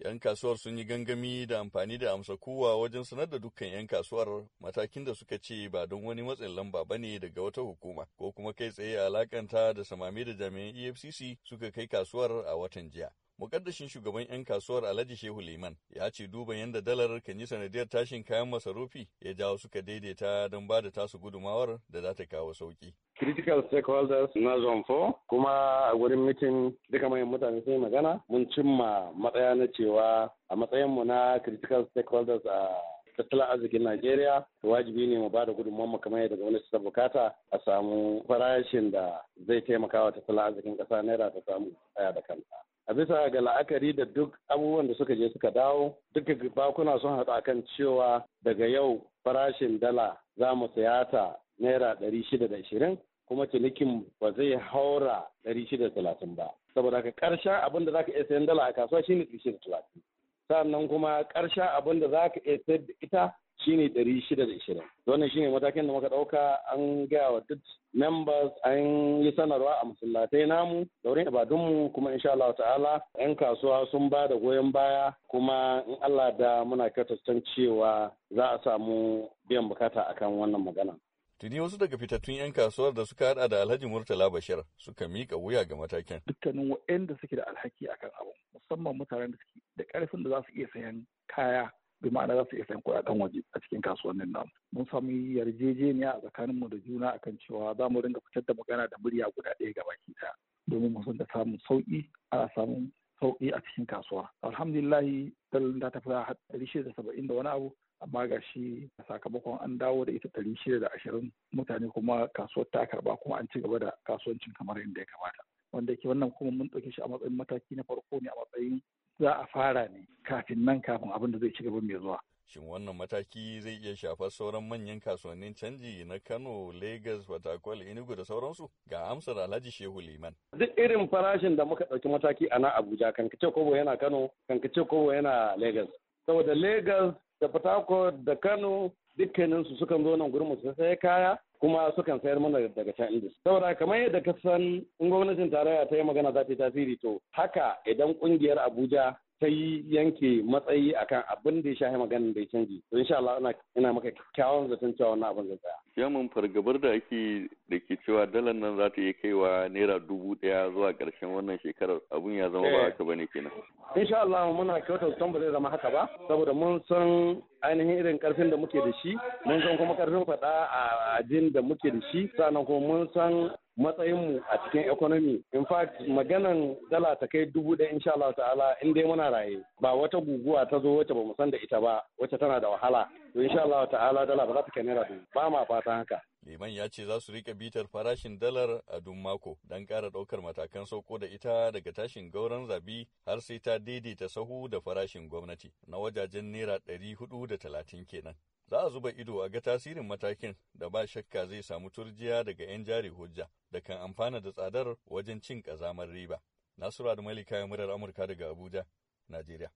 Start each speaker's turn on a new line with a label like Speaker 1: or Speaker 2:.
Speaker 1: 'Yan kasuwar sun yi gangami da amfani da amsa kowa wajen sanar da dukkan 'yan kasuwar matakin da suka ce ba don wani matsin lamba ba ne daga wata hukuma ko kuma kai tsaye alakanta da samame da jami'an EFCC suka kai kasuwar a watan jiya. Mukaddashin shugaban 'yan kasuwar Alhaji Shehu Liman ya ce duba yadda dalar kan yi sanadiyar tashin kayan masarufi ya jawo suka daidaita don ba da tasu gudumawar da za ta kawo sauki.
Speaker 2: critical stakeholders na zone 4 kuma a wurin mitin duka mai mutane sai magana mun cimma matsaya na cewa a matsayinmu na critical stakeholders a tattalin arzikin Najeriya wajibi ne mu ba da gudunmuwan kamar yadda gwamnati ta bukata a samu farashin da zai taimaka wa tattalin arzikin ƙasa naira ta samu tsaya da kanta. a bisa ga la'akari da duk abubuwan da suka je suka dawo duka bakuna sun haɗu akan cewa daga yau farashin dala za mu saya ta naira ɗari shida da ashirin kuma cinikin ba zai haura ɗari shida da talatin ba saboda ka ƙarshen abin da za ka iya sayan dala a kasuwa shine ɗari shida da talatin sannan kuma ƙarshen abin da za ka iya sayar da ita shine ɗari shida da ishirin wannan shine matakin da muka ɗauka an gaya wa duk members an yi sanarwa a masallatai namu da wurin ibadunmu kuma insha Allah ta'ala yan kasuwa sun ba da goyon baya kuma in Allah da muna kyautattan cewa za a samu biyan bukata akan wannan magana
Speaker 1: Tuni wasu daga fitattun 'yan kasuwar da suka hada da Alhaji Murtala Bashir suka mika wuya ga matakin.
Speaker 3: Dukkanin waɗanda suke da alhaki akan abu musamman mutanen da suke da ƙarfin da za su iya sayan kaya bi ma'ana za su iya sayan kuɗaɗen waje a cikin kasuwannin namu mun sami yarjejeniya a tsakaninmu da juna akan cewa za mu dinga fitar da magana da murya guda ɗaya ga baki ɗaya domin mu da samun sauƙi ana samun sauƙi a cikin kasuwa alhamdulillahi dalilin ta tafi har ɗari da saba'in da wani abu amma ga shi sakamakon an dawo da ita ɗari shida da ashirin mutane kuma kasuwar ta karba kuma an ci gaba da kasuwancin kamar yadda ya kamata wanda ke wannan kuma mun ɗauke shi a matsayin mataki na farko ne a matsayin
Speaker 1: za a fara ne kafin nan kafin abin da zai ci gaba mai zuwa. Shin wannan mataki zai iya shafar sauran manyan kasuwannin canji na Kano, Lagos, Fatakwal, Enugu da sauransu? Ga amsar Alhaji Shehu Liman.
Speaker 2: Duk irin farashin da muka ɗauki mataki a nan Abuja, kankace kobo yana Kano, kankace kobo yana Lagos. Saboda Lagos da Fatakwal da Kano dukkaninsu sukan zo nan gurin su sai kaya kuma sukan sayar mana daga can indus. saboda kamar yadda ka in gwamnatin tarayya ta yi magana za ta yi tasiri to haka idan kungiyar abuja ta yi yanke matsayi akan abin da ya shafi maganin da ya canji to insha Allah ina maka kyakkyawan zaton cewa wannan abin zai
Speaker 1: tsaya fargabar da ake da ke cewa dalar nan za ta iya kaiwa naira dubu daya zuwa ƙarshen wannan shekarar abun ya zama ba eh. haka bane kenan
Speaker 2: insha Allah muna kyautar san ba zai zama haka ba saboda mun san ainihin irin karfin da muke da shi mun san kuma karfin faɗa a jin da muke da shi sannan kuma mun san matsayin mu a cikin economy in fact maganan dala ta kai dubu da insha Allah ta'ala in dai muna raye ba wata guguwa ta zo wacce bamu san da ita ba wacce tana da wahala to insha Allah ta'ala dala ba za ta kai naira dubu ba ma fatan haka
Speaker 1: Liman ya ce za su rika bitar farashin dalar a dun mako don ƙara ɗaukar matakan sauko da ita daga tashin gauran zabi har sai ta daidaita sahu da farashin gwamnati na wajajen naira ɗari hudu da talatin kenan. Za a zuba ido a ga tasirin matakin da ba shakka zai samu turjiya daga 'yan jari hujja da kan amfana da tsadar wajen cin ƙazamar riba. Nasiru Adamali kayan murar Amurka daga Abuja, Najeriya.